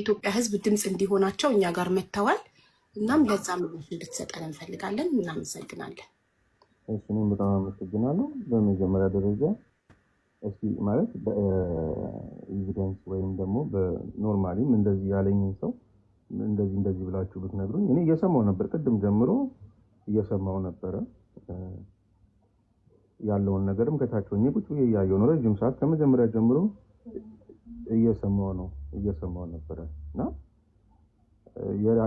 የኢትዮጵያ ሕዝብ ድምፅ እንዲሆናቸው እኛ ጋር መጥተዋል። እናም ለዛ ምላሽ እንድትሰጠን እንፈልጋለን። እናመሰግናለን። እሱንም በጣም አመሰግናለሁ። በመጀመሪያ ደረጃ እስኪ ማለት በኤቪደንስ ወይም ደግሞ በኖርማሊም እንደዚህ ያለኝን ሰው እንደዚህ እንደዚህ ብላችሁ ብትነግሩኝ እኔ እየሰማው ነበር፣ ቅድም ጀምሮ እየሰማው ነበረ። ያለውን ነገርም ከታች ሆኜ ቁጭ ብዬ እያየሁ ነው ረዥም ሰዓት ከመጀመሪያ ጀምሮ እየሰማው ነው እየሰማው ነበረ እና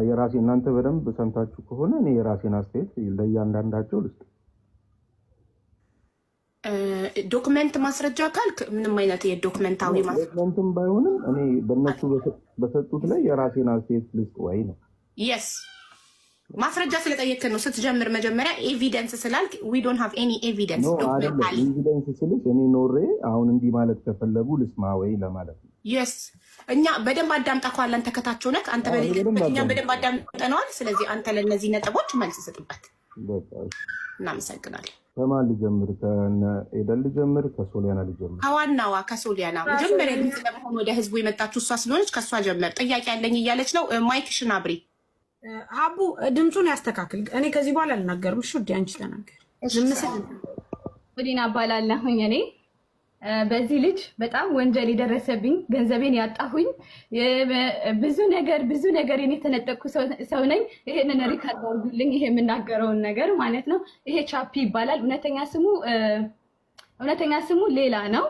የራሴ እናንተ በደንብ ሰምታችሁ ከሆነ እኔ የራሴን አስተያየት ለእያንዳንዳቸው ልስጥ። ዶክመንት ማስረጃ ካልክ ምንም አይነት የዶክመንታዊ ዶክመንትም ባይሆንም እኔ በእነሱ በሰጡት ላይ የራሴን አስተያየት ልስጥ ወይ ነው የስ ማስረጃ ስለጠየቅን ነው። ስትጀምር መጀመሪያ ኤቪደንስ ስላልክ ዊ ዶንት ሃቭ ኤኒ ኤቪደንስ። ኤቪደንስ ስልሽ እኔ ኖሬ አሁን እንዲህ ማለት ከፈለጉ ልስማ ወይ ለማለት ነው። የስ እኛ በደንብ አዳምጣ ከኋላን ተከታቸው ነክ አንተ በእኛም በደንብ አዳምጠነዋል። ስለዚህ አንተ ለእነዚህ ነጥቦች መልስ ስጥበት። እናመሰግናለን። ከማን ልጀምር? ከኤደን ልጀምር? ከሶሊያና ልጀምር? ከዋናዋ ከሶሊያና መጀመሪያ ስለመሆን ወደ ህዝቡ የመጣችሁ እሷ ስለሆነች ከእሷ ጀመር። ጥያቄ ያለኝ እያለች ነው። ማይክሽን አብሪ አቡ ድምፁን ያስተካክል። እኔ ከዚህ በኋላ አልናገርም። እሺ ወዲ አንቺ ተናገር። ወዲና ባላለሁኝ እኔ በዚህ ልጅ በጣም ወንጀል የደረሰብኝ ገንዘቤን ያጣሁኝ ብዙ ነገር ብዙ ነገር እኔ የተነጠቅኩ ሰው ነኝ። ይሄንን ሪከርድ አድርጉልኝ፣ ይሄ የምናገረውን ነገር ማለት ነው። ይሄ ቻፒ ይባላል። እውነተኛ ስሙ እውነተኛ ስሙ ሌላ ነው።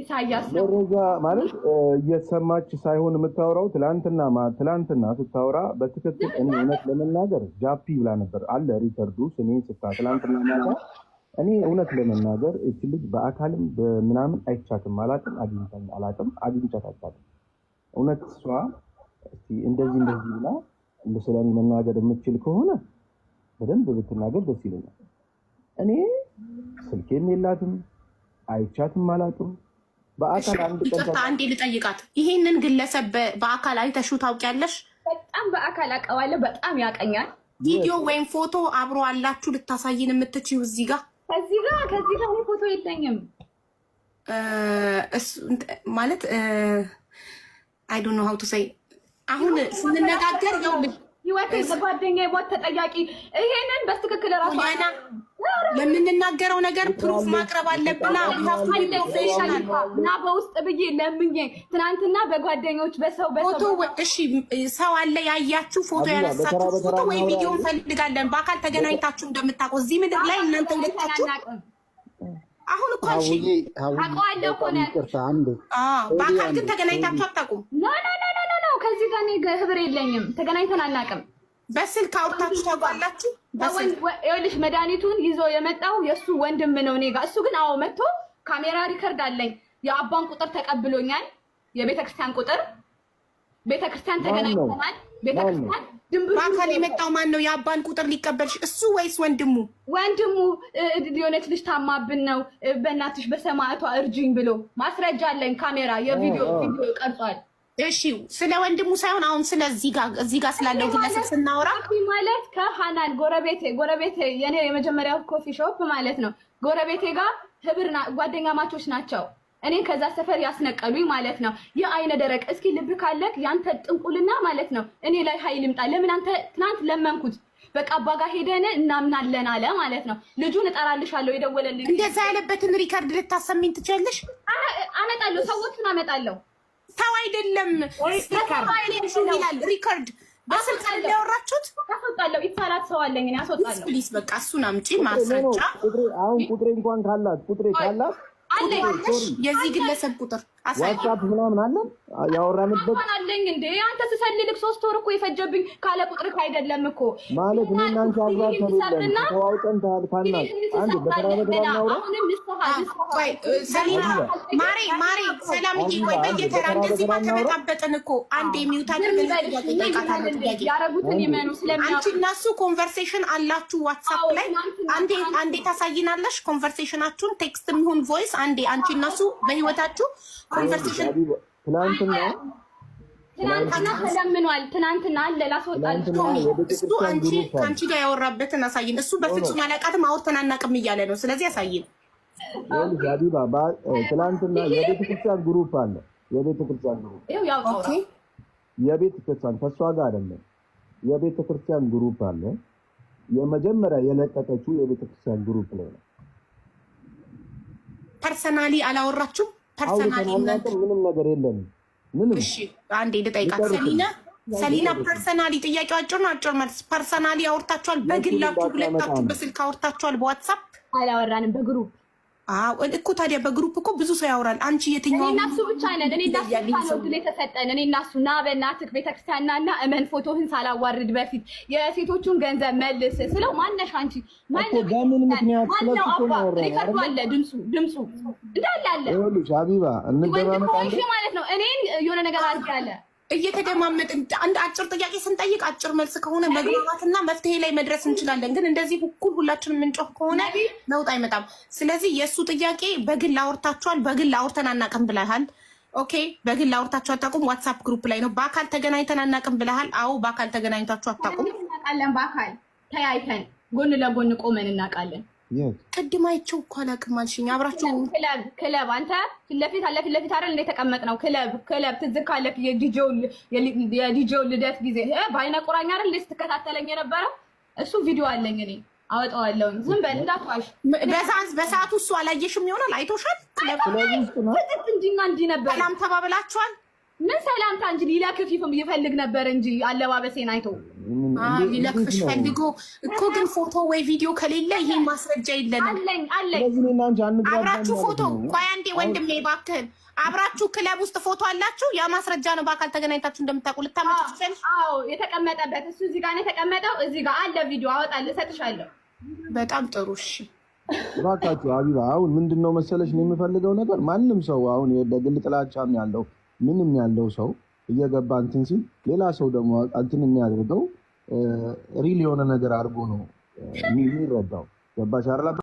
ኢሳያስ መረጃ ማለት እየሰማች ሳይሆን የምታወራው ትላንትና ትላንትና ስታወራ በትክክል እኔ እውነት ለመናገር ጃፒ ብላ ነበር አለ ሪከርዱ ስሜን ስታ ትላንትና ማታ እኔ እውነት ለመናገር እች ልጅ በአካልም በምናምን አይቻትም አላቅም አግኝተኝ አላቅም አግኝቻት አቻትም እውነት እሷ እንደዚህ እንደዚህ ብላ ስለ እኔ መናገር የምችል ከሆነ በደንብ ብትናገር ደስ ይለኛል እኔ ስልኬም የላትም አይቻትም አላቅም በአካል አንዴ ልጠይቃት። ይሄንን ግለሰብ በአካል አይተሽው ታውቂያለሽ? በጣም በአካል አውቀዋለሁ። በጣም ያቀኛል። ቪዲዮ ወይም ፎቶ አብሮ አላችሁ ልታሳይን የምትችው እዚህ ጋ ከዚህ ጋ ከዚህ ጋር ፎቶ የለኝም ማለት አይ ዶንት ኖ ሀው ቱ ሰይ አሁን ስንነጋገር ህይወት በጓደኛ ሞት ተጠያቂ ይሄንን በትክክል ራሱ ለምንናገረው ነገር ፕሩፍ ማቅረብ አለብና በውስጥ ብዬ ለምኜ ትናንትና በጓደኞች በሰው በፎቶ እሺ፣ ሰው አለ ያያችሁ ፎቶ ያነሳችሁ ፎቶ ወይም ቪዲዮ እንፈልጋለን። በአካል ተገናኝታችሁ እንደምታውቁ እዚህ ምድር ላይ እናንተ ሁለታችሁ አሁን እኮ እሺ፣ እኮ ነው። በአካል ግን ተገናኝታችሁ አታውቁም። እኔ ህብር የለኝም፣ ተገናኝተን አናውቅም። በስልክ አውርታችሁ ታውቃላችሁ? ይኸውልሽ መድኃኒቱን ይዞ የመጣው የእሱ ወንድም ነው እኔ ጋር። እሱ ግን አዎ መጥቶ ካሜራ ሪከርድ አለኝ። የአባን ቁጥር ተቀብሎኛል፣ የቤተክርስቲያን ቁጥር ቤተክርስቲያን ተገናኝተናል። ቤተክርስቲያን ድንብሩ የመጣው ማን ነው? የአባን ቁጥር ሊቀበልሽ እሱ ወይስ ወንድሙ? ወንድሙ የሆነች ልጅ ታማብን ነው በእናትሽ በሰማዕቷ እርጅኝ ብሎ ማስረጃ አለኝ። ካሜራ የቪዲዮ ቪዲዮ ቀርጿል። እሺ ስለ ወንድሙ ሳይሆን አሁን ጋር እዚህ ጋር ስላለው ግለሰብ ስናወራ ማለት ከሀናን ጎረቤቴ ጎረቤቴ የኔ የመጀመሪያው ኮፊ ሾፕ ማለት ነው። ጎረቤቴ ጋር ህብር ጓደኛ ማቾች ናቸው። እኔ ከዛ ሰፈር ያስነቀሉኝ ማለት ነው። ይህ አይነ ደረቅ እስኪ ልብ ካለክ ያንተ ጥንቁልና ማለት ነው እኔ ላይ ሀይል ይምጣ። ለምን አንተ ትናንት ለመንኩት በቃ አባ ጋር ሄደን እናምናለን አለ ማለት ነው። ልጁን እጠራልሻለሁ የደወለልኝ እንደዛ ያለበትን ሪከርድ ልታሰሚኝ ትችላለሽ? አመጣለሁ፣ ሰዎቹን አመጣለሁ ሰው አይደለም ይላል ሪከርድ በስልክ ያወራችሁት ይቻላት ሰው አለኝ እኔ ያስወጣለሁ። ፕሊስ በቃ እሱን አምጪ ማስረጃ። አሁን ቁጥሬ እንኳን ካላት ቁጥሬ ካላት የዚህ ግለሰብ ቁጥር ዋትሳፕ ምናምን አለን ያወራንበት አለኝ እንዴ አንተ ስሰልልክ ሶስት ወር እኮ የፈጀብኝ ካለ ቁጥርክ አይደለም እኮ ማለት እኔ እናንተ አብራት ተሉልና ተዋውቀን ታልፋና አንድ በተራ በተራ እናውራ ማሬ ማሬ ሰላምዬ ቆይ በየተራ እንደዚህ ባተበጣበጥን እኮ አንድ የሚውታ ያረጉትን አንቺ እና ኮንቨርሴሽን አላችሁ ዋትሳፕ ላይ አንዴ አንዴ ታሳይናለሽ ኮንቨርሴሽናችሁን ቴክስት የሚሆን ቮይስ አንዴ አንቺ እና በህይወታችሁ ትናንትና ትናንትና ተለምኗል። ትናንትና አለ ላስወጣል። እሱ አንቺ ከአንቺ ጋር ያወራበትን አሳይን። እሱ በፍጹም አላውቃትም አውርተን አናውቅም እያለ ነው። ስለዚህ አሳይን። ዛዲባ የቤተክርስቲያን ግሩፕ አለ። የቤተክርስቲያን ግሩፕ የቤተክርስቲያን ከእሷ ጋር አይደለም። የቤተክርስቲያን ግሩፕ አለ። የመጀመሪያ የለቀቀችው የቤተክርስቲያን ግሩፕ ላይ ነው። ፐርሰናሊ አላወራችሁም ፐርሰናሊ ምንም ነገር የለም። ምንም አንዴ ልጠይቃት ሰሊና ሰሊና ፐርሰናሊ ጥያቄው አጭር ነው። አጭር መልስ። ፐርሰናሊ አውርታችኋል? በግላችሁ ሁለታችሁ በስልክ አውርታችኋል? በዋትሳፕ አላወራንም በግሩፕ እኮ ታዲያ በግሩፕ እኮ ብዙ ሰው ያወራል። አንቺ የትኛው? እኔ እናሱ ብቻ ነን። እኔ እናሱ ብቻ ነው ድል የተሰጠን። እኔ እናሱ ና በእናትህ ቤተክርስቲያን ና እና እመን ፎቶህን ሳላዋርድ በፊት የሴቶቹን ገንዘብ መልስ ስለው ማነሽ አንቺ ማለምን ምክንያት ሪከርዱ አለ ድምፁ ድምፁ እንዳለ አለ ሀቢባ ማለት ነው። እኔን የሆነ ነገር አድርጋለ እየተደማመጥን አንድ አጭር ጥያቄ ስንጠይቅ አጭር መልስ ከሆነ መግባባትና መፍትሄ ላይ መድረስ እንችላለን። ግን እንደዚህ እኩል ሁላችንም የምንጮህ ከሆነ ለውጥ አይመጣም። ስለዚህ የእሱ ጥያቄ በግል አውርታችኋል፣ በግል አውርተን አናውቅም ብለሃል። ኦኬ፣ በግል አውርታችሁ አታውቁም። ዋትሳፕ ግሩፕ ላይ ነው። በአካል ተገናኝተን አናውቅም ብለሃል። አዎ፣ በአካል ተገናኝታችሁ አታውቁም። እናውቃለን። በአካል ተያይተን ጎን ለጎን ቆመን እናውቃለን። ቅድም አይቼው እኮ አላውቅም አልሽኝ። አብራችሁ ክለብ ክለብ አንተ ፊት ለፊት አለ ፊት ለፊት አይደል የተቀመጥ ነው። ክለብ ክለብ ትዝ ካለህ የዲጄው ልደት ጊዜ በአይነ ቁራኛ አይደል እንደ ስትከታተለኝ የነበረው እሱ ቪዲዮ አለኝ እኔ አወጣዋለሁ። ዝም በል እንዳትዋሽ። በሰዓቱ እሱ አላየሽም ይሆናል አይቶሻል። ክለብ እንዲና እንዲህ ነበር። ሰላም ተባብላችኋል? ምን ሰላምታ እንጂ ሌላ ክፊፍም ይፈልግ ነበር እንጂ አለባበሴን አይቶ ሊለቅፍሽ ፈልጎ እኮ ግን ፎቶ ወይ ቪዲዮ ከሌለ ይሄ ማስረጃ የለንም። አብራችሁ ፎቶ ቆይ አንዴ ወንድሜ እባክህን አብራችሁ ክለብ ውስጥ ፎቶ አላችሁ። ያ ማስረጃ ነው። በአካል ተገናኝታችሁ እንደምታውቁ ልታመችል። አዎ የተቀመጠበት እሱ እዚህ ጋር ነው የተቀመጠው። እዚህ ጋር አለ ቪዲዮ አወጣለሁ፣ እሰጥሻለሁ። በጣም ጥሩ እሺ። እባካችሁ አቢባ፣ አሁን ምንድን ነው መሰለሽ ነው የምፈልገው ነገር ማንም ሰው አሁን በግል ጥላቻም ያለው ምንም ያለው ሰው እየገባ እንትን ሲል ሌላ ሰው ደግሞ እንትን የሚያደርገው ሪል የሆነ ነገር አድርጎ ነው የሚረዳው። ገባሽ?